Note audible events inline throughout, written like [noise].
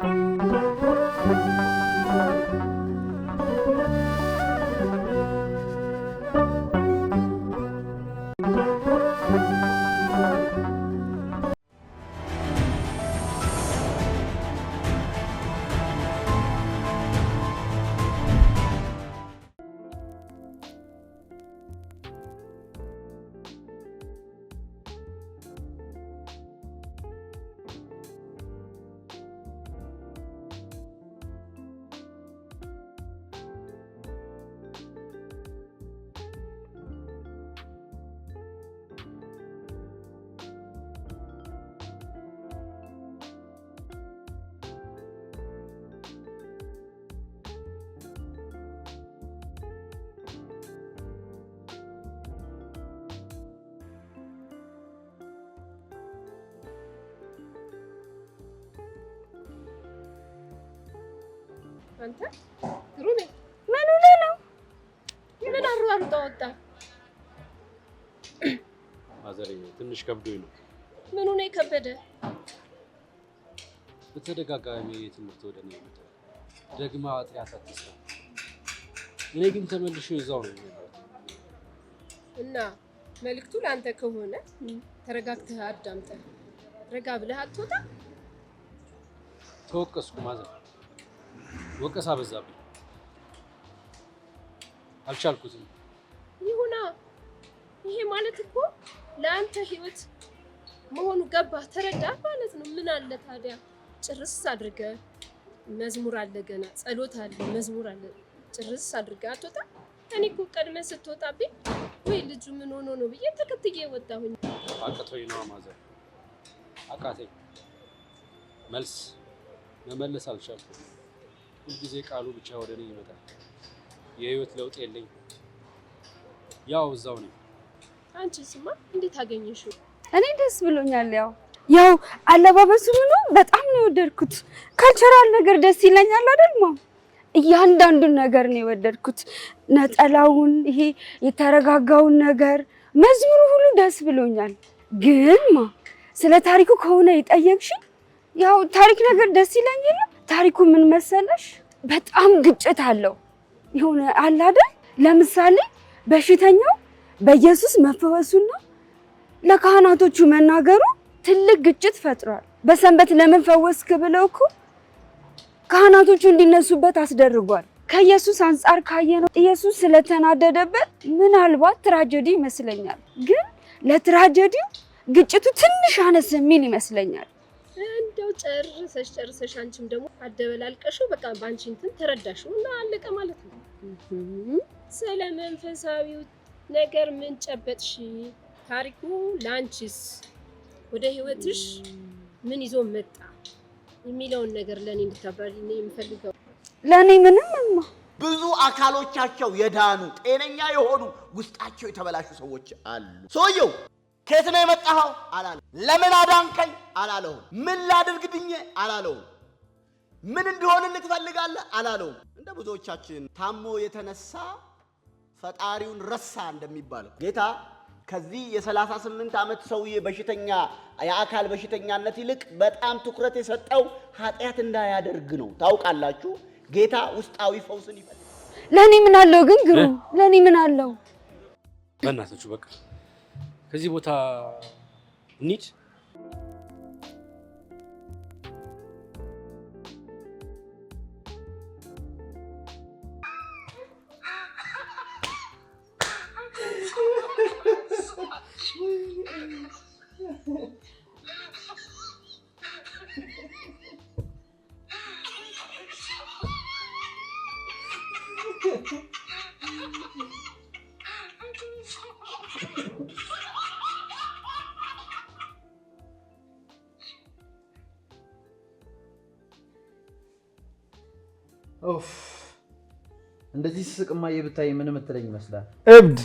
thank you አንተ ሩቤ ምኑ ላይ ነው? ምን አሩ ወጣ። ማዘሬ ትንሽ ከብዶኝ ነው። ምኑ ነው የከበደ? በተደጋጋሚ ትምህርት ወደ እኔ ይመጣል። ደግማ ጥያት አትስራ። እኔ ግን ተመልሼ እዛው ነው የሚመጣው እና መልዕክቱ ለአንተ ከሆነ ተረጋግተህ አዳምጠህ ረጋ ብለህ አትወጣ። ተወቀስኩ ማዘር ወቀሳ በዛብኝ። አልቻልኩትም። ይሁና። ይሄ ማለት እኮ ለአንተ ህይወት መሆኑ ገባህ፣ ተረዳህ ማለት ነው። ምን አለ ታዲያ? ጭርስ አድርገ መዝሙር አለ ገና፣ ጸሎት አለ፣ መዝሙር አለ። ጭርስ አድርገ አትወጣ። እኔ እኮ ቀድመህ ስትወጣብኝ ወይ ልጁ ምን ሆኖ ነው ብዬ ተከትዬ ወጣሁኝ። አቅቶኝ ነው ማዘር፣ አቃተኝ። መልስ መመለስ አልቻልኩም። ሁልጊዜ ቃሉ ብቻ ወደ እኔ ይመጣል። የህይወት ለውጥ የለኝ፣ ያው እዛው ነኝ። ስማ፣ እንዴት አገኘሽው? እኔ ደስ ብሎኛል። ያው ያው አለባበሱ ምኑ በጣም ነው የወደድኩት። ካልቸራል ነገር ደስ ይለኛል አይደልሞ እያንዳንዱን ነገር ነው የወደድኩት። ነጠላውን፣ ይሄ የተረጋጋውን ነገር፣ መዝሙሩ ሁሉ ደስ ብሎኛል። ግን ማ ስለ ታሪኩ ከሆነ የጠየቅሽኝ ያው ታሪክ ነገር ደስ ይለኛል። ታሪኩ ምን መሰለሽ በጣም ግጭት አለው። የሆነ አለ አይደል? ለምሳሌ በሽተኛው በኢየሱስ መፈወሱና ለካህናቶቹ መናገሩ ትልቅ ግጭት ፈጥሯል። በሰንበት ለምን ፈወስክ ብለው እኮ ካህናቶቹ እንዲነሱበት አስደርጓል። ከኢየሱስ አንጻር ካየነው ኢየሱስ ስለተናደደበት ምናልባት ትራጀዲ ይመስለኛል። ግን ለትራጀዲው ግጭቱ ትንሽ አነስ የሚል ይመስለኛል። እንደው ጨርሰሽ ጨርሰሽ አንቺም ደግሞ አደበላልቀሽው በቃ በአንቺ እንትን ተረዳሽው እና አለቀ ማለት ነው። ስለ መንፈሳዊው ነገር ምን ጨበጥሽ? ታሪኩ ላንቺስ ወደ ህይወትሽ ምን ይዞ መጣ የሚለውን ነገር ለእኔ እንድታብራሪ የምፈልገው። ለእኔ ምንም እማ ብዙ አካሎቻቸው የዳኑ ጤነኛ የሆኑ ውስጣቸው የተበላሹ ሰዎች አሉ። ሰውየው ከየት ነው የመጣኸው አላለ። ለምን አዳንከኝ አላለው ምን ላድርግ ብዬ ምን እንደሆን እንክፈልጋለህ አላለው። እንደ ብዙዎቻችን ታሞ የተነሳ ፈጣሪውን ረሳ እንደሚባለው ጌታ ከዚህ የ38 ዓመት ሰውዬ በሽተኛ የአካል በሽተኛነት ይልቅ በጣም ትኩረት የሰጠው ኃጢአት እንዳያደርግ ነው። ታውቃላችሁ ጌታ ውስጣዊ ፈውስን ይፈልጋል። ለእኔ ምን አለው ግን ግሩ ለእኔ ምን አለው በእናታችሁ በቃ ከዚህ ቦታ እንሂድ እንደዚህ ስቅማ የብታይ ምን ምትለኝ ይመስላል? እብድ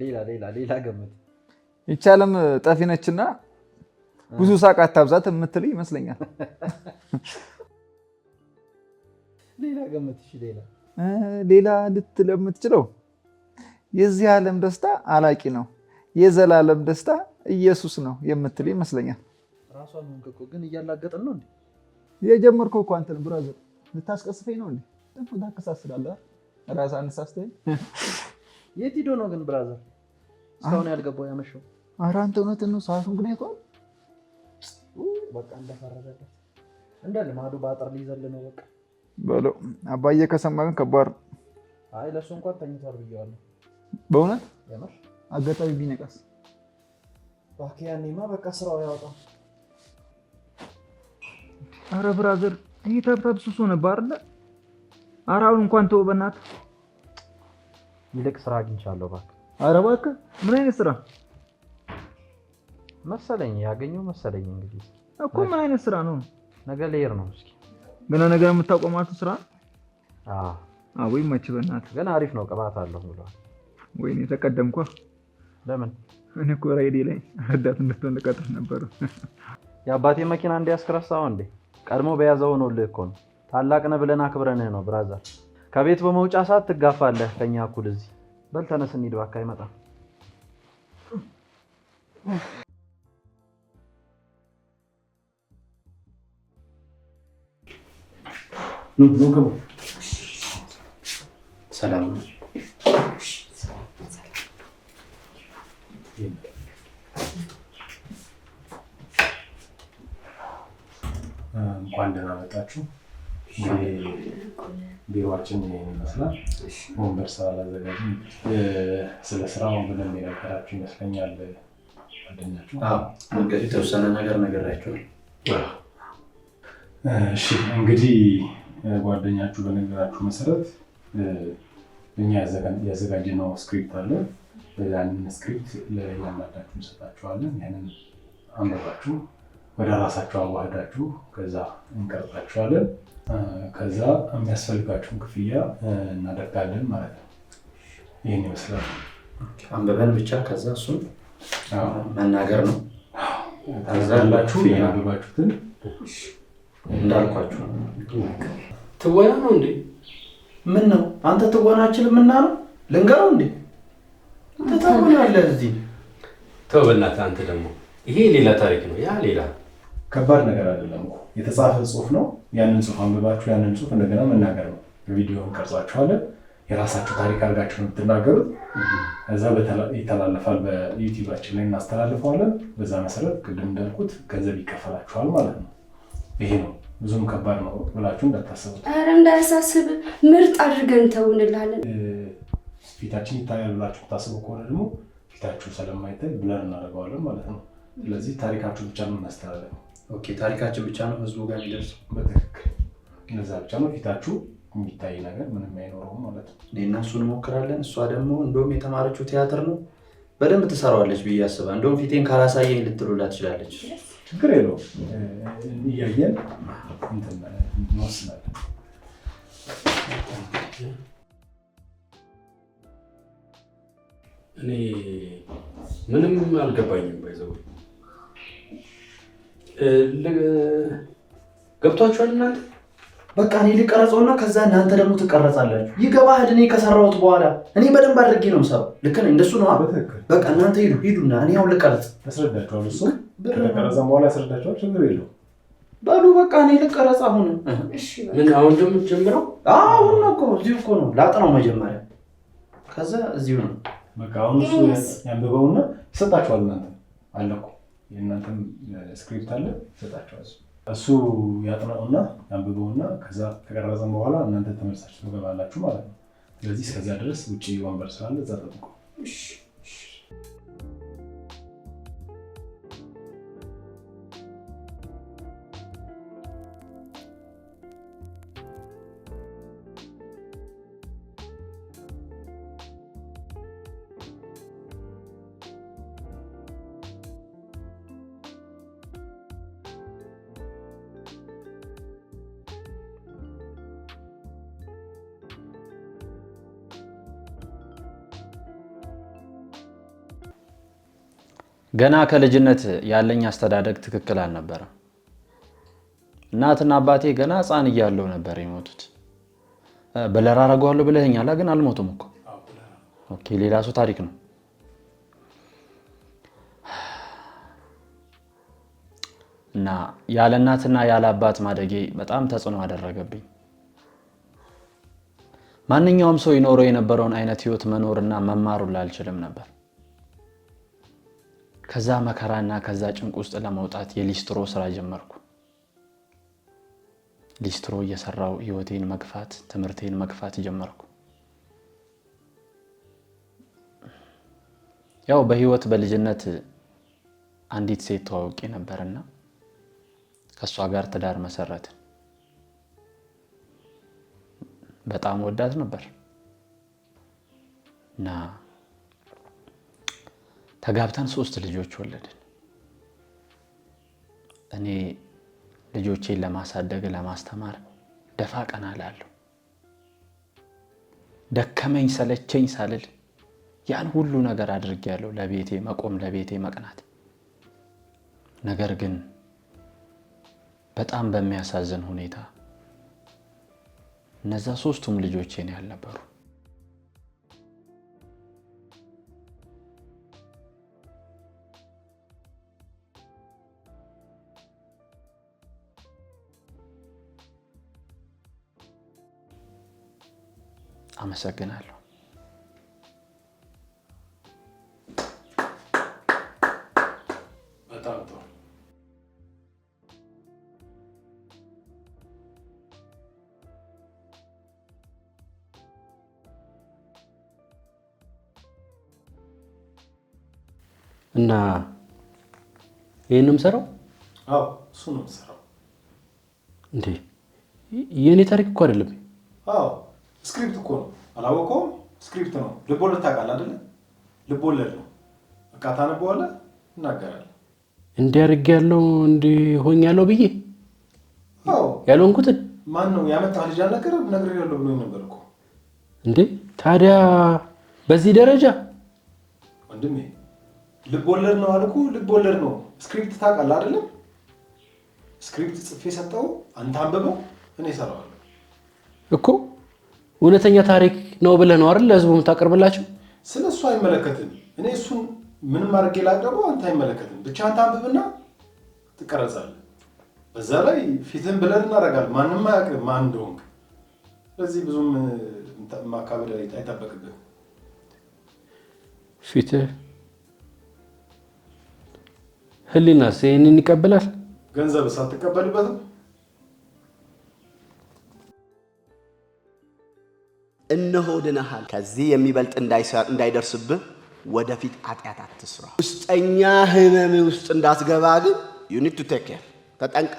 ሌላ ሌላ ሌላ ገምት። ይቻለም ጠፊ ነችና ብዙ ሳቅ አታብዛት የምትል ይመስለኛል። ሌላ ገምት። እሺ ሌላ ሌላ ልትል የምትችለው የዚህ ዓለም ደስታ አላቂ ነው፣ የዘላለም ደስታ ኢየሱስ ነው የምትል ይመስለኛል። ራሷን ግን እያላገጠን ነው እንዴ? የጀመርከው እኮ አንተን ብራዘር ልታስቀስፈኝ ነው እንዴ? ጥፉ ታከሳስላለህ። ራስህ አነሳስተኝ። የት ሂዶ ነው ግን ብራዘር እስካሁን ያልገባው ያመሸው? ኧረ አንተ እውነትን ነው ሰዓቱን ግን አይቷል። በቃ እንደፈረደበት እንደ ልማዱ በአጥር ሊዘል ነው። በቃ በለው አባዬ ከሰማ ግን ከባድ አይ ለእሱ እንኳን ተኝቷል ብዬዋለሁ። በእውነት አጋጣሚ ቢነቃስ? እባክህ ያኔማ በቃ ስራው ያወጣው። አረ ብራዘር ይህ ተብተብሱሶ ነበር አይደለ ኧረ አሁን እንኳን ተው በእናትህ፣ ይልቅ ስራ አግኝቻለሁ እባክህ። ኧረ እባክህ ምን አይነት ስራ መሰለኝ? ያገኘው መሰለኝ። እንግዲህ እኮ ምን አይነት ስራ ነው? ነገ ልሄድ ነው። እስኪ ገና ነገ የምታቆማቱ ስራ? አዎ ወይ መች፣ በእናትህ ገና አሪፍ ነው፣ ቅባት አለሁ ብለዋል። ወይኔ ተቀደምኳ። ለምን? እኔ እኮ ራይዴ ላይ ረዳት እንድትሆን ልቀጥር ነበር። የአባቴ መኪና እንዲያስከረሳው እንዴ! ቀድሞ በያዘው ነው ልህ እኮ ነው ታላቅ ነህ ብለን አክብረንህ ነው ብራዘር። ከቤት በመውጫ ሰዓት ትጋፋለህ ከኛ እኩል እዚህ። በል ተነስ እንሂድ እባክህ። አይመጣም ሰላም እንኳን ደህና መጣችሁ። ቢሮችን ይመስላል። ወንበር ስላላዘጋጅም ስለ ስራው በደንብ የነገራችሁ ይመስለኛል። ጓደኛችሁ የተወሰነ ነገር ነገራችኋል። እሺ እንግዲህ ጓደኛችሁ በነገራችሁ መሰረት እኛ ያዘጋጀነው ስክሪፕት አለ። ያንን ስክሪፕት ለእያንዳንዳችሁ እንሰጣችኋለን። ያንን አንበባችሁ ወደ ራሳችሁ አዋህዳችሁ ከዛ እንቀርጻችኋለን። ከዛ የሚያስፈልጋችሁን ክፍያ እናደርጋለን ማለት ነው። ይህን ይመስላል። አንብበን ብቻ ከዛ እሱን መናገር ነው። ታዛላችሁ ያንብባችሁትን እንዳልኳችሁ ትወና ነው እንዴ? ምን ነው አንተ ትወናችን ምና ነው ልንገረው እንዴ? ተታወናለ እዚህ ተው፣ በእናትህ አንተ ደግሞ ይሄ ሌላ ታሪክ ነው። ያ ሌላ ከባድ ነገር አይደለም። የተጻፈ ጽሁፍ ነው። ያንን ጽሁፍ አንብባችሁ ያንን ጽሁፍ እንደገና መናገር ነው። ቪዲዮ እንቀርጻችኋለን። የራሳችሁ ታሪክ አድርጋችሁ ነው የምትናገሩት። እዛ ይተላለፋል፣ በዩቲዩባችን ላይ እናስተላልፈዋለን። በዛ መሰረት ቅድም እንዳልኩት ገንዘብ ይከፈላችኋል ማለት ነው። ይሄ ነው ብዙም ከባድ ነው ብላችሁ እንዳታስቡት። ኧረ እንዳያሳስብ ምርጥ አድርገን ተውንላለን። ፊታችን ይታያል ብላችሁ ታስቡ ከሆነ ደግሞ ፊታችሁ ስለማይታይ ብለን እናደርገዋለን ማለት ነው። ስለዚህ ታሪካችሁ ብቻ ነው እናስተላለፍ ኦኬ ታሪካችን ብቻ ነው ህዝቡ ጋር የሚደርስ በትክክል እነዛ ብቻ ነው ፊታችሁ የሚታይ ነገር ምንም አይኖረውም ማለት ነው። እኔና እሱ እንሞክራለን። እሷ ደግሞ እንደውም የተማረችው ቲያትር ነው በደንብ ትሰራዋለች ብዬ አስባ፣ እንደውም ፊቴን ካላሳየኝ ልትሉላ ትችላለች። ችግር የለው እያየን እንወስናለን። እኔ ምንም አልገባኝም ባይዘው ገብቷችኋል እናንተ? በቃ እኔ ልቀረጸውና ከዛ እናንተ ደግሞ ትቀረጻላችሁ። ይገባህ። እኔ ከሰራሁት በኋላ እኔ በደንብ አድርጌ ነው ሰው ልክ ነኝ። እንደሱ ነው። በቃ እናንተ ሂዱ ሂዱና እኔ ያው ልቀረጽ። ያስረዳቸዋል እሱ ከተቀረጸም በኋላ ያስረዳቸዋል። ችግር የለው። በሉ በቃ እኔ ልቀረጽ አሁን። ምን አሁን እንደምትጀምረው? አሁን ነው እኮ እዚሁ እኮ ነው። ላጥናው መጀመሪያ፣ ከዛ እዚሁ ነው። በቃ አሁን እሱ ያንብበውና ይሰጣችኋል። እናንተ አለኩ የእናንተም ስክሪፕት አለ ሰጣቸዋል። እሱ ያጥናውና ያንብበውና ከዛ ከቀረዘም በኋላ እናንተ ተመልሳችሁ ትገባላችሁ ማለት ነው። ስለዚህ እስከዚያ ድረስ ውጭ ወንበር ስላለ እዛ ጠብቁ። ገና ከልጅነት ያለኝ አስተዳደግ ትክክል አልነበረም። እናትና አባቴ ገና ህፃን እያለው ነበር የሞቱት። በለራ አደርገዋለሁ ብለኛላ፣ ግን አልሞቱም እኮ ኦኬ። ሌላ ሰው ታሪክ ነው። እና ያለ እናትና ያለ አባት ማደጌ በጣም ተጽዕኖ አደረገብኝ። ማንኛውም ሰው ይኖረው የነበረውን አይነት ህይወት መኖርና መማሩን አልችልም ነበር። ከዛ መከራና ከዛ ጭንቅ ውስጥ ለመውጣት የሊስትሮ ስራ ጀመርኩ። ሊስትሮ እየሰራው ህይወቴን መግፋት፣ ትምህርቴን መግፋት ጀመርኩ። ያው በህይወት በልጅነት አንዲት ሴት ተዋውቄ ነበርና ከእሷ ጋር ትዳር መሰረት በጣም ወዳት ነበር እና ተጋብተን ሶስት ልጆች ወለድን። እኔ ልጆቼን ለማሳደግ ለማስተማር ደፋ ቀና እላለሁ። ደከመኝ ሰለቸኝ ሳልል ያን ሁሉ ነገር አድርጌያለሁ፣ ለቤቴ መቆም፣ ለቤቴ መቅናት። ነገር ግን በጣም በሚያሳዝን ሁኔታ እነዛ ሶስቱም ልጆቼን ያልነበሩ። አመሰግናለሁ። እና ይህን ነው የምሰራው? አዎ እሱ ነው የምሰራው። እንዴ የእኔ ታሪክ እኮ አይደለም። አዎ ስክሪፕት እኮ ነው። አላወቀውም። ስክሪፕት ነው። ልቦለድ ታውቃለህ አይደለ? ልቦለድ ነው። በቃ ታነበዋለህ፣ እናገራለህ። እንዲህ አድርጌያለሁ፣ እንዲህ ሆኛለሁ ብዬ ያልሆንኩትን ማን ነው ያመጣህ? ልጅ አልነገረህም? ያለው ብሎኝ ነበር እኮ። እንዴ ታዲያ በዚህ ደረጃ ወንድሜ፣ ልቦለድ ነው አልኩህ። ልቦለድ ነው። ስክሪፕት ታውቃለህ አይደለም? ስክሪፕት ጽፌ ሰጠው፣ አንተ አንብበው፣ እኔ እሰራዋለሁ እኮ እውነተኛ ታሪክ ነው ብለህ ነው አይደል ለህዝቡ የምታቀርብላቸው? ስለ እሱ አይመለከትም። እኔ እሱን ምንም አድርጌ ላቅርበው አንተ አይመለከትም። ብቻ አንተ አንብብና ትቀረጻለህ። በዛ ላይ ፊትን ብለን እናደርጋለን። ማንም አያውቅም ማን እንደሆንክ። ስለዚህ ብዙም ማካበድ አይጠበቅብህም። ፊትህ ህሊናስ ይህንን ይቀበላል? ገንዘብ ሳትቀበልበትም እነሆ ድነሃል። ከዚህ የሚበልጥ እንዳይደርስብህ ወደፊት ኃጢአት አትስራ። ውስጠኛ ህመም ውስጥ እንዳትገባ ግን ዩኒድ ቱ ቴክ ኬር ተጠንቀ።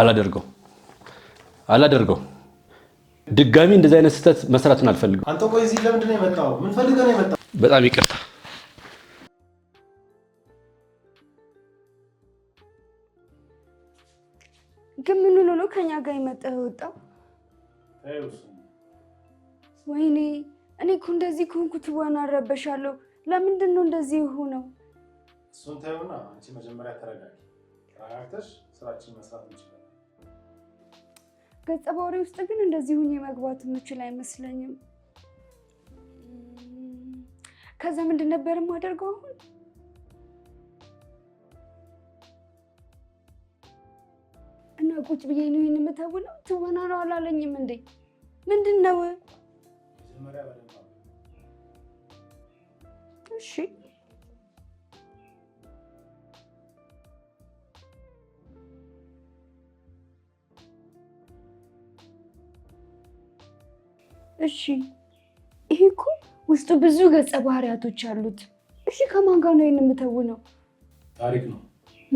አላደርገው አላደርገው ድጋሚ እንደዚህ አይነት ስህተት መስራትን አልፈልግም። አንተ ቆይ እዚህ ለምንድን ነው የመጣው? ምን ፈልገህ ነው የመጣው? በጣም ይቅርታ። ግን ምን ሆኖ ነው ከኛ ጋር የመጣህ ወጣው? ወይኔ እኔ እኮ እንደዚህ ከሆንኩ ትወና እረበሻለሁ። ለምንድን ነው እንደዚህ የሆነው? እሱን ታዩና አንቺ መጀመሪያ ተረጋጊ፣ ተረጋግተሽ ስራችን መስራት እንችላለን። ገጸ ባህሪ ውስጥ ግን እንደዚህ ሁኜ መግባት የምችል አይመስለኝም። ከዛ ምንድን ነበር የማደርገው አሁን እና ቁጭ ብዬ ነው ይህን የምተውነው? ትወና ነው አላለኝም እንዴ? ምንድን ነው መጀመሪያ በደንብ እሺ። እሺ ይሄ እኮ ውስጡ ብዙ ገጸ ባህሪያቶች አሉት። እሺ ከማን ጋር ነው ይሄን የምተውነው? ታሪክ ነው።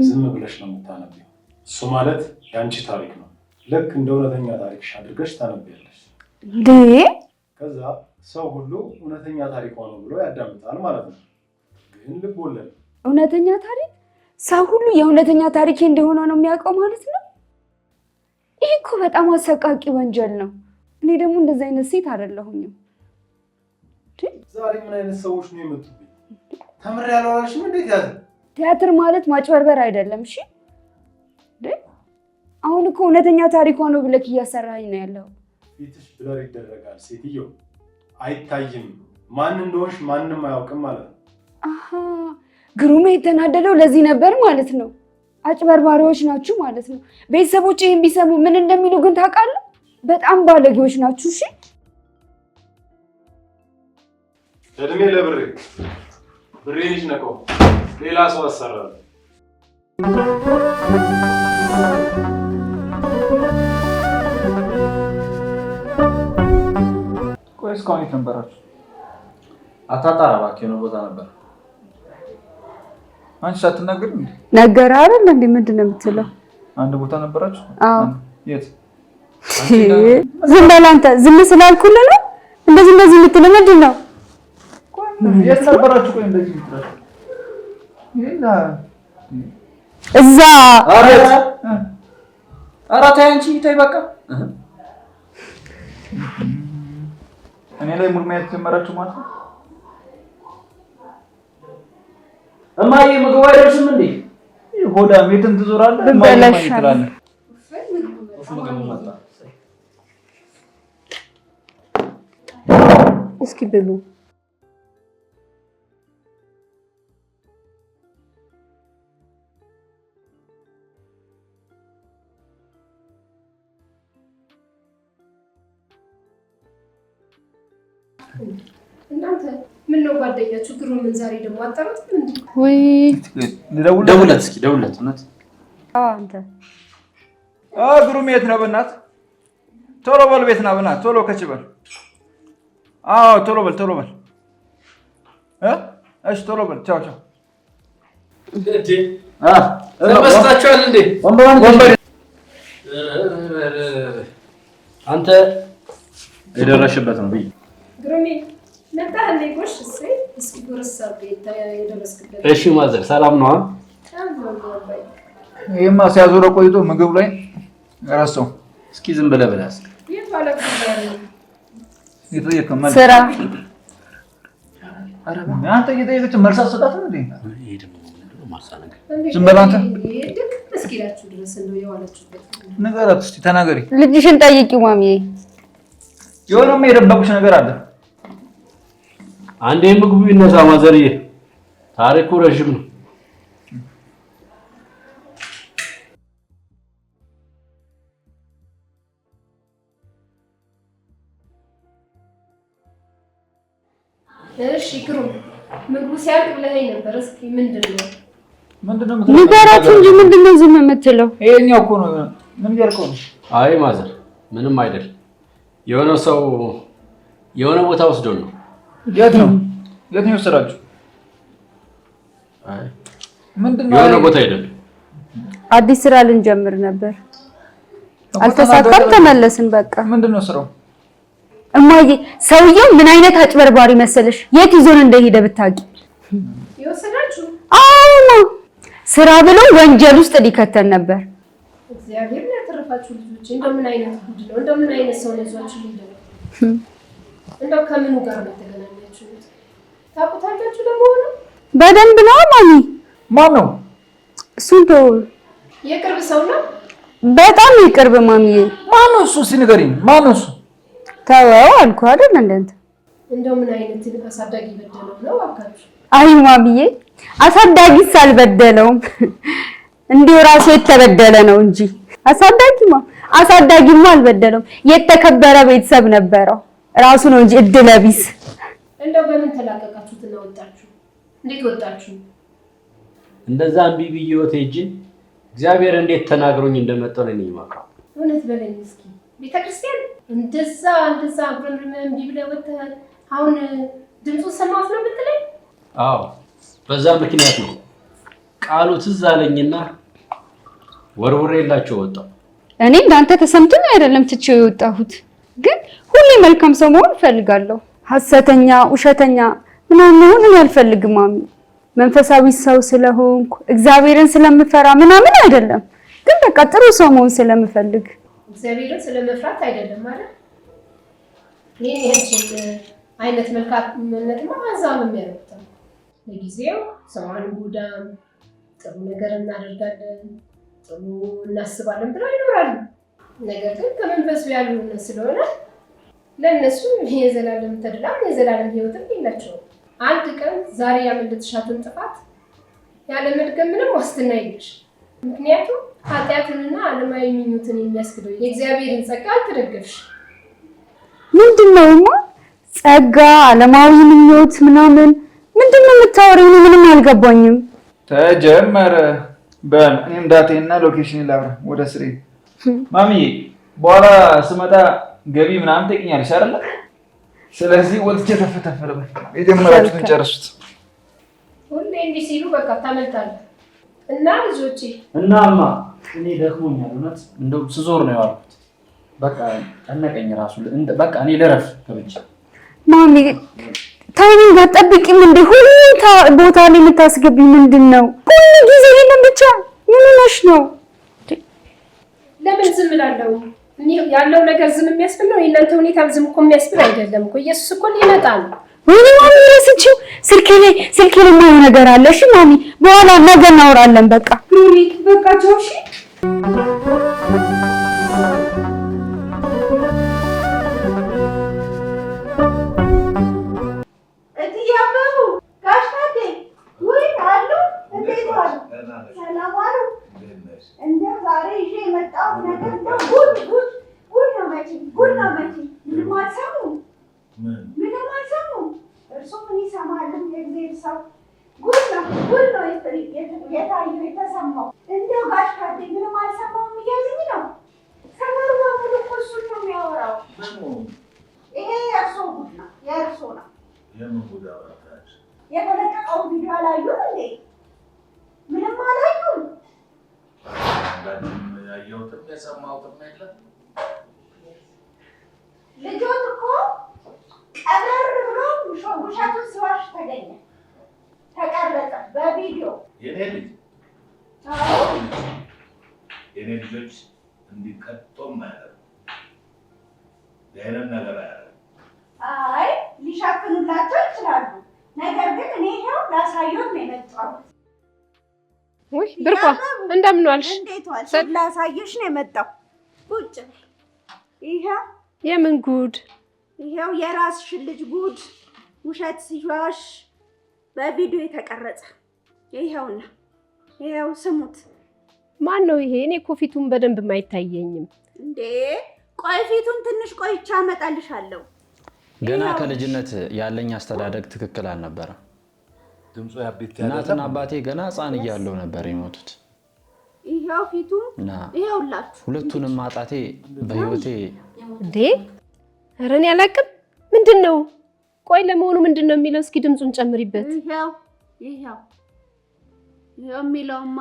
ዝም ብለሽ ነው የምታነቢው። እሱ ማለት የአንቺ ታሪክ ነው። ልክ እንደ እውነተኛ ታሪክሽ አድርገሽ ታነቢያለሽ። ከዛ ሰው ሁሉ እውነተኛ ታሪኳ ነው ብሎ ያዳምጣል ማለት ነው። ግን ልብ ወለድ እውነተኛ ታሪክ ሰው ሁሉ የእውነተኛ ታሪክ እንደሆነ ነው የሚያውቀው ማለት ነው። ይህ እኮ በጣም አሰቃቂ ወንጀል ነው። እኔ ደግሞ እንደዚህ አይነት ሴት አይደለሁኝም። ዛሬ ምን አይነት ሰዎች ነው የመጡብኝ? ተምር ያለዋልሽም እንዴት ያለ ቲያትር ማለት ማጭበርበር አይደለም። እሺ አሁን እኮ እውነተኛ ታሪኳ ነው ብለክ እያሰራኝ ነው ያለው። ፊትሽ ብለር ይደረጋል። ሴትዮ አይታይም። ማን እንደሆንሽ ማንም አያውቅም ማለት ነው። ግሩም የተናደደው ለዚህ ነበር ማለት ነው። አጭበርባሪዎች ናችሁ ማለት ነው። ቤተሰቦች ይህን ቢሰሙ ምን እንደሚሉ ግን ታውቃለህ? በጣም ባለጌዎች ናችሁ። እሺ እድሜ ለብሬ ብሬ ልጅ ነቀው ሌላ ሰው አሰራለሁ። ወይስ እስካሁን የት ነበራችሁ? አታጣራ እባክህ፣ የሆነ ቦታ ነበር። አንቺ ሳትናገር ነገር አይደል እንዴ? ምንድን ነው የምትለው? አንድ ቦታ ነበራችሁ? የት? ዝም በል አንተ። ዝም ስላልኩልህ ነው እንደዚህ እንደዚህ የምትለው ምንድን ነው? የት ነበራችሁ? ቆይ እንደዚህ የምትለው እዛ አንቺ ተይ በቃ እኔ ላይ ሙልማየት ጀመራችሁ ማለት ነው። እማዬ ምግብ አይደርስም እንዴ? ሆዳ ቤትን ትዞራለህ። ማይትላለ እስኪ ብሉ እናንተ ምን ነው ጓደኛ ችግሩን ምን ዛሬ ደግሞ አጠሩት? ወይ ደውለት እስኪ ደውለት። እውነት አንተ ግሩም የት ነው? በእናት ቶሎ በል ቤት ና፣ በእናት ቶሎ ከች በል። አዎ ቶሎ በል ቶሎ በል። እሺ ቶሎ በል። ቻው ቻው። አንተ የደረሽበት ነው ብዬ ግሩሜ መጣ እስኪ እሺ ማዘር ሰላም ነው? ይሄማ ሲያዞረ ቆይቶ ምግብ ላይ ረሳው። እስኪ ዝም ብለህ ብላ ስራ መልስ አትሰጣት። ዝም በል አንተ ንገራት እስኪ ተናገሪ። ልጅሽን ጠይቂው ማሚዬ፣ የሆነማ የደበቁሽ ነገር አለ አንዴ ምግቡ ይነሳ ማዘርዬ፣ ታሪኩ ረዥም ነው። እሺ ግሩም፣ ምግቡ ሲያልቅ ብለኸኝ ነበር። እስኪ ምንድን ነው ምንድን ነው እንጂ ምንድን ነው ዝም የምትለው? ይሄኛው እኮ ነው። ምን ገርቀው ነው? አይ ማዘር፣ ምንም አይደል። የሆነ ሰው የሆነ ቦታ ወስዶ ነው የት ነው የት ነው የወሰዳችሁ? የሆነ ቦታ ሄደን አዲስ ስራ ልንጀምር ነበር፣ አልተሳካም፣ ተመለስን። በቃ ምንድን ነው ስራው? እማዬ ሰውየው ምን አይነት አጭበርባሪ መሰለሽ! የት ይዞን እንደሄደ ብታውቂ። የወሰዳችሁ? አዎ ስራ ብሎ ወንጀል ውስጥ ሊከተን ነበር። እግዚአብሔር ያተረፋችሁ ልጆች፣ እንደው ምን አይነት ጉድ ነው! እንደው ምን አይነት ሰው ነው ይዟችሁ? እንደው ከምኑ ጋር ነው ተገናኘ ታውቁታላችሁ ለመሆኑ? በደንብ ነው። ማሚ ማን ነው እሱ? የቅርብ ሰው ነው። በጣም የቅርብ ማሚዬ። ማን ነው እሱ? እስኪ ንገሪኝ፣ ነው እሱ? ተወው አልኩህ አይደል? እንደንተ እንደው ምን አይነት አሳዳጊ በደለው ነው አካችሁ? አይ ማሚዬ፣ አሳዳጊስ አልበደለውም። እንዲሁ ራሱ የተበደለ ነው እንጂ አሳዳጊማ አሳዳጊማ አልበደለውም። የተከበረ ቤተሰብ ነበረው ራሱ ነው እንጂ እድለቢስ እንደው በምን ተላቀቃችሁት ተላቀቃችሁትና ወጣችሁ? እንዴት ወጣችሁ? እንደዛ እምቢ ብዬ ሄጄ እግዚአብሔር እንዴት ተናግሮኝ እንደመጣሁ ነው የሚማክረው። እውነት በለኝ እስኪ ቤተክርስቲያን እንደዛ እንደዛ ብለን እምቢ ብለህ ወጥተህ አሁን ድምፁ ሰማሁት ነው የምትለኝ? አዎ በዛ ምክንያት ነው ቃሉ ትዝ አለኝና ወርውሬላቸው ወጣሁ። እኔ እንዳንተ ተሰምቶኝ አይደለም ትቼው የወጣሁት፣ ግን ሁሌ መልካም ሰው መሆን እፈልጋለሁ። ሐሰተኛ ውሸተኛ ምናምን መሆንን አልፈልግም ማሚ። መንፈሳዊ ሰው ስለሆንኩ እግዚአብሔርን ስለምፈራ ምናምን አይደለም፣ ግን በቃ ጥሩ ሰው መሆን ስለምፈልግ እግዚአብሔርን ስለመፍራት አይደለም ማለት ይሄን አይነት መልካምነት ማዛ ነው የሚያደርጉት። ለጊዜው ሰው አንጎዳም፣ ጥሩ ነገር እናደርጋለን፣ ጥሩ እናስባለን ብለው ይኖራሉ። ነገር ግን ከመንፈሱ ያልሆነ ስለሆነ ለእነሱ የዘላለም ተድላም የዘላለም ህይወትም የላቸውም። አንድ ቀን ዛሬ ያመለጥሻትን ጥፋት ያለመድገም ምንም ዋስትና የለሽ። ምክንያቱም ኃጢአትንና ዓለማዊ ምኞትን የሚያስክደው የእግዚአብሔርን ጸጋ አልተደገፍሽ። ምንድን ነው ጸጋ፣ ዓለማዊ ምኞት ምናምን ምንድን ነው የምታወሪኝ? ምንም አልገባኝም። ተጀመረ። በል ዳቴና ሎኬሽን ላብራ ወደ ስሬ። ማሚዬ በኋላ ስመጣ ገቢ ምናምን ጠይቅኛለሽ አይደለ? ስለዚህ ወጥቼ ተፈተፈ የጀመራችሁትን ጨርሱት። ሁሌ እንዲህ ሲሉ በቃ ታመልጣለህ። እና ልጆቼ እናማ እኔ ደክሞኛል። እውነት እንደው ስዞር ነው የዋልኩት። በቃ ጠነቀኝ ራሱ። በቃ እኔ ልረፍ ከብቻ ማሚ ታይሚንግ አትጠብቂም እንዴ? ሁሉ ቦታ ላይ የምታስገቢ ምንድን ነው? ሁሉ ጊዜ ይሄንን ብቻ ምን ነው? ለምን ዝም እላለሁ? ያለው ነገር ዝም የሚያስብል ነው። የእናንተ ሁኔታ ዝም እኮ የሚያስብል አይደለም እኮ ኢየሱስ እኮ ይመጣል። ወይ ማሚ ረስቼው ስልኬ ላይ ስልኬ ላይ የሚሆን ነገር አለ። እሺ ማሚ፣ በኋላ ነገ እናወራለን። በቃ ሉሊት በቃ ጆሺ ምንም አልሰሙም። እርሱም እኔ እሰማለሁ የእግዚአብሔር ሰው ጉድ ነው ጉድ ነው የታየው የተሰማው እንደው ጋሽ ካዴ ምንም አልሰማውም እያሉኝ ነው። ሰፈሩ በሙሉ እኮ እሱን ነው የሚያወራው። ይሄ የእርሶ ጉድ ነው የእርሶ ነው። የተለቀቀው ቪዲዮ አላዩም እንዴ? ምንም አላዩም። ያየሁትም የሰማሁትም የለም ልጆት እኮ ቀብረር ብሎ ውሸቱን ሲዋሽ ተገኘ፣ ተቀረጸ በቪዲዮ። የኔ ልጅ የኔ ልጆች እንዲቀጡም አያደርጉም፣ ይህንን ነገር አያደርጉም። አይ ሊሻክኑላቸው ይችላሉ፣ ነገር ግን እኔ ይኸው ላሳየት ነው የመጣሁት። ውይ ብርቋ እንደምን ዋልሽ? ላሳየሽ ነው የመጣው። ቁጭ ይሄ የምን ጉድ ይሄው የራስ ልጅ ጉድ ውሸት ሲዋሽ በቪዲዮ የተቀረጸ ይኸውና፣ ይሄው ስሙት። ማን ነው ይሄ? እኔ እኮ ፊቱን በደንብ አይታየኝም እንዴ። ቆይ ፊቱን ትንሽ ቆይቻ አመጣልሻለሁ። ገና ከልጅነት ያለኝ አስተዳደግ ትክክል አልነበረም። እናትና አባቴ ገና ሕፃን እያለው ነበር የሞቱት። ይኸው ፊቱ ይኸውላችሁ፣ ሁለቱንም ማጣቴ በህይወቴ እንዴ ኧረ እኔ አላውቅም። ምንድን ነው? ቆይ ለመሆኑ ምንድን ነው የሚለው? እስኪ ድምፁን ጨምሪበት። ይኸው ይኸው የሚለውማ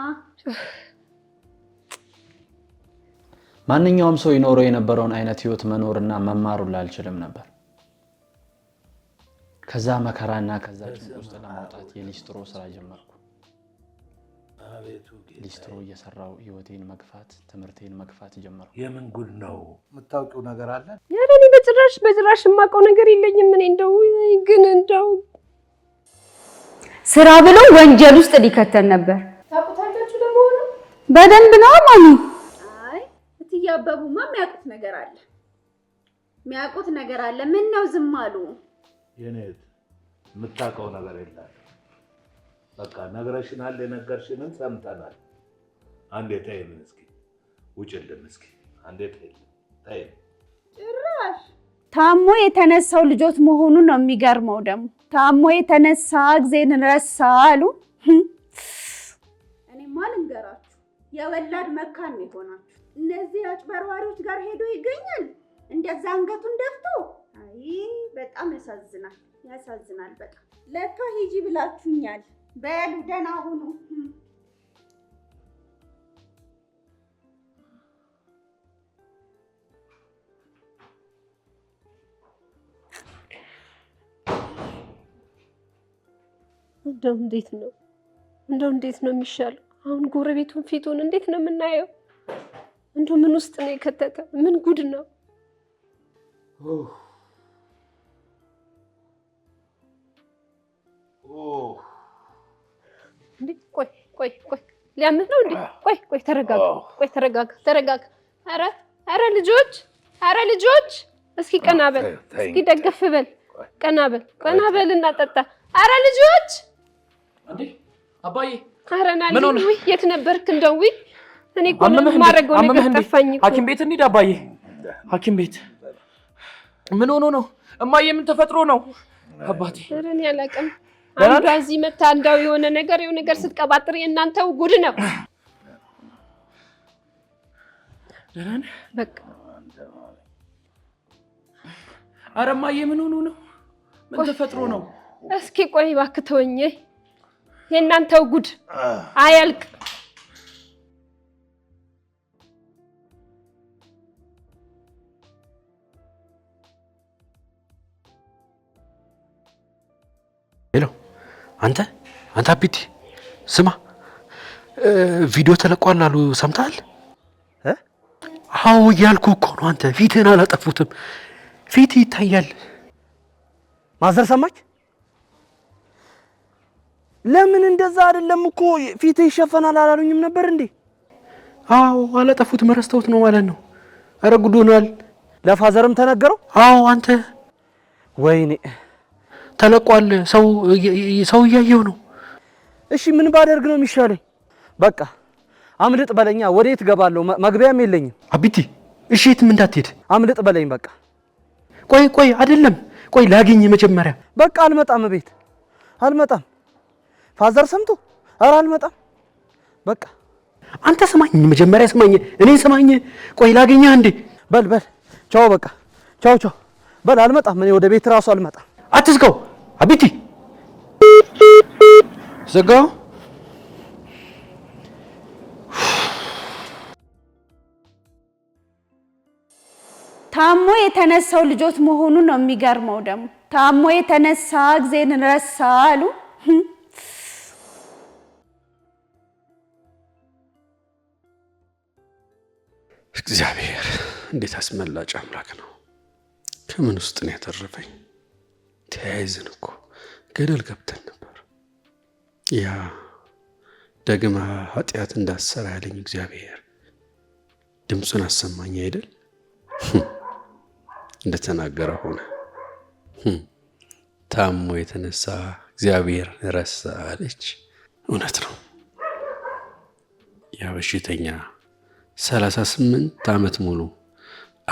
ማንኛውም ሰው ይኖረው የነበረውን አይነት ህይወት መኖርና መማሩን ላልችልም ነበር። ከዛ መከራና ከዛ ጭንቅ ውስጥ ለማውጣት የሊስትሮ ስራ ጀመርኩ። ሊስትሮ እየሰራው ህይወቴን መግፋት፣ ትምህርቴን መግፋት ጀመርኩ። የምን ጉድ ነው? የምታውቂው ነገር አለ? በጭራሽ በጭራሽ የማውቀው ነገር የለኝም። እኔ እንደው ግን እንደው ስራ ብሎ ወንጀል ውስጥ ሊከተል ነበር። ታውቁታላችሁ ለመሆኑ? በደንብ ነው ማሚ። አይ እትዬ አበቡማ የሚያውቁት ነገር አለ፣ የሚያውቁት ነገር አለ። ምን ነው ዝም አሉ? የኔ የምታውቀው ነገር የለም። በቃ ነግረሽናል፣ የነገርሽንን ሰምተናል። አንዴ ተይልን እስኪ፣ ውጭልን እስኪ፣ አንዴ ተይልን፣ ተይልን ጭራሽ ታሞ የተነሳው ልጆት መሆኑ ነው የሚገርመው። ደግሞ ታሞ የተነሳ ጊዜን ረሳ አሉ። እኔማ ልንገራችሁ የወላድ መካን ነው የሆናችሁ። እነዚህ አጭበርባሪዎች ጋር ሄዶ ይገኛል እንደዛ አንገቱን ደፍቶ። አይ በጣም ያሳዝናል፣ ያሳዝናል በጣም ለካ ሂጂ ብላችሁኛል። በሉ ደህና ሁኑ። እንደው እንዴት ነው እንደው እንዴት ነው የሚሻለው? አሁን ጎረቤቱን ፊቱን እንዴት ነው የምናየው? እንደው ምን ውስጥ ነው የከተተ? ምን ጉድ ነው? ቆይ ቆይ ቆይ ሊያምህ ነው እንዴ? ቆይ ቆይ ተረጋጋ፣ ቆይ ተረጋጋ፣ ተረጋጋ። ልጆች፣ አረ ልጆች፣ እስኪ ቀና በል፣ እስኪ ደገፍ በል፣ ቀና በል፣ ቀና በል እና ጠጣ። አረ ልጆች እንዴ አባዬ ምን የት ነበርክ? እንደው እኔ እኮ ምንም ማድረገው ነገር ጠፋኝ። ሐኪም ቤት እንሂድ አባዬ፣ ሐኪም ቤት። ምን ሆኖ ነው እማዬ? ምን ተፈጥሮ ነው አባቴ? ኧረ እኔ አንዷ እዚህ መታ እንዳው የሆነ ነገር የሆነ ነገር ስትቀባጥር የእናንተው ጉድ ነው። ደህና ነህ? በቃ ኧረ ምን ሆኖ ነው? ምን ተፈጥሮ ነው? እስኪ ቆይ እባክህ ተወኝ። የእናንተው ጉድ አያልቅ። ሄሎ አንተ አንተ አቢቲ ስማ፣ ቪዲዮ ተለቋል አሉ ሰምተሃል? አዎ እያልኩ እኮ ነው። አንተ ፊትህን አላጠፉትም፣ ፊት ይታያል። ማዘር ሰማች ለምን እንደዛ አይደለም እኮ ፊት ይሸፈናል አላሉኝም ነበር እንዴ? አዎ አላጠፉት መረስተውት ነው ማለት ነው። አረ ጉድ ሆኗል። ለፋዘርም ተነገረው? አዎ አንተ ወይኔ ተለቋል። ሰው ሰው እያየው ነው። እሺ ምን ባደርግ ነው የሚሻለኝ? በቃ አምልጥ በለኛ። ወዴት ገባለው መግቢያም የለኝም። አቢቲ እሺ የትም እንዳትሄድ አምልጥ በለኝ። በቃ ቆይ ቆይ አይደለም ቆይ ላግኝ መጀመሪያ። በቃ አልመጣም፣ ቤት አልመጣም ፋዘር ሰምቶ ኧረ አልመጣም በቃ አንተ ስማኝ፣ መጀመሪያ ስማኝ፣ እኔን ስማኝ። ቆይ ላገኘህ እንዴ? በል በል ቻው፣ በቃ ቻው፣ ቻው በል። አልመጣም፣ እኔ ወደ ቤት እራሱ አልመጣም። አትዝጋው። አቢቲ ዘጋው። ታሞ የተነሳው ልጆት መሆኑን ነው የሚገርመው። ደግሞ ታሞ የተነሳ ጊዜን ረሳ አሉ። እግዚአብሔር እንዴት አስመላጭ አምላክ ነው! ከምን ውስጥ ነው ያተረፈኝ? ተያይዝን እኮ ገደል ገብተን ነበር። ያ ደግማ ኃጢአት እንዳሰራ ያለኝ እግዚአብሔር ድምፁን አሰማኝ አይደል? እንደተናገረ ሆነ። ታሞ የተነሳ እግዚአብሔር ረሳ አለች። እውነት ነው ያ በሽተኛ 38 ዓመት ሙሉ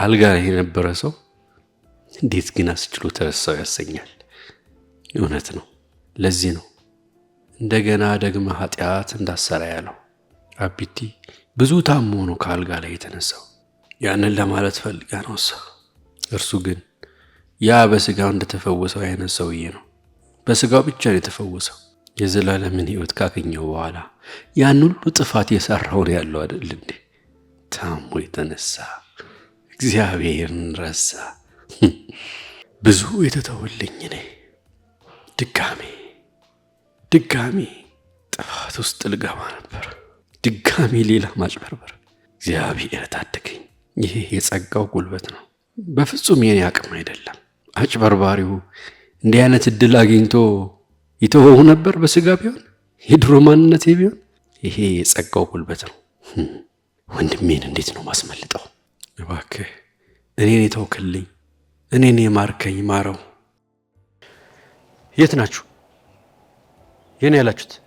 አልጋ ላይ የነበረ ሰው እንዴት ግን አስችሎ ተረሳው ያሰኛል። እውነት ነው። ለዚህ ነው እንደገና ደግመ ኃጢአት እንዳሰራ ያለው። አቢቲ ብዙ ታሞ ነው ከአልጋ ላይ የተነሳው። ያንን ለማለት ፈልጋ ነው ሰው። እርሱ ግን ያ በስጋው እንደተፈወሰው አይነት ሰውዬ ነው። በስጋው ብቻ ነው የተፈወሰው። የዘላለምን ህይወት ካገኘው በኋላ ያን ሁሉ ጥፋት የሰራውን ያለው አይደል እንዴ? ታሞ የተነሳ እግዚአብሔርን ረሳ። [laughs] ብዙ የተተወልኝ እኔ ድጋሜ ድጋሜ ጥፋት ውስጥ ልገባ ነበር። ድጋሜ ሌላ ማጭበርበር። እግዚአብሔር ታደገኝ። ይሄ የጸጋው ጉልበት ነው፣ በፍጹም የኔ አቅም አይደለም። አጭበርባሪው እንዲህ አይነት እድል አግኝቶ ይተወው ነበር። በስጋ ቢሆን የድሮ ማንነቴ ቢሆን ይሄ የጸጋው ጉልበት ነው። ወንድሜን እንዴት ነው ማስመልጠው? እባክህ እኔን የተውክልኝ፣ እኔን የማርከኝ ማረው። የት ናችሁ? የኔ ያላችሁት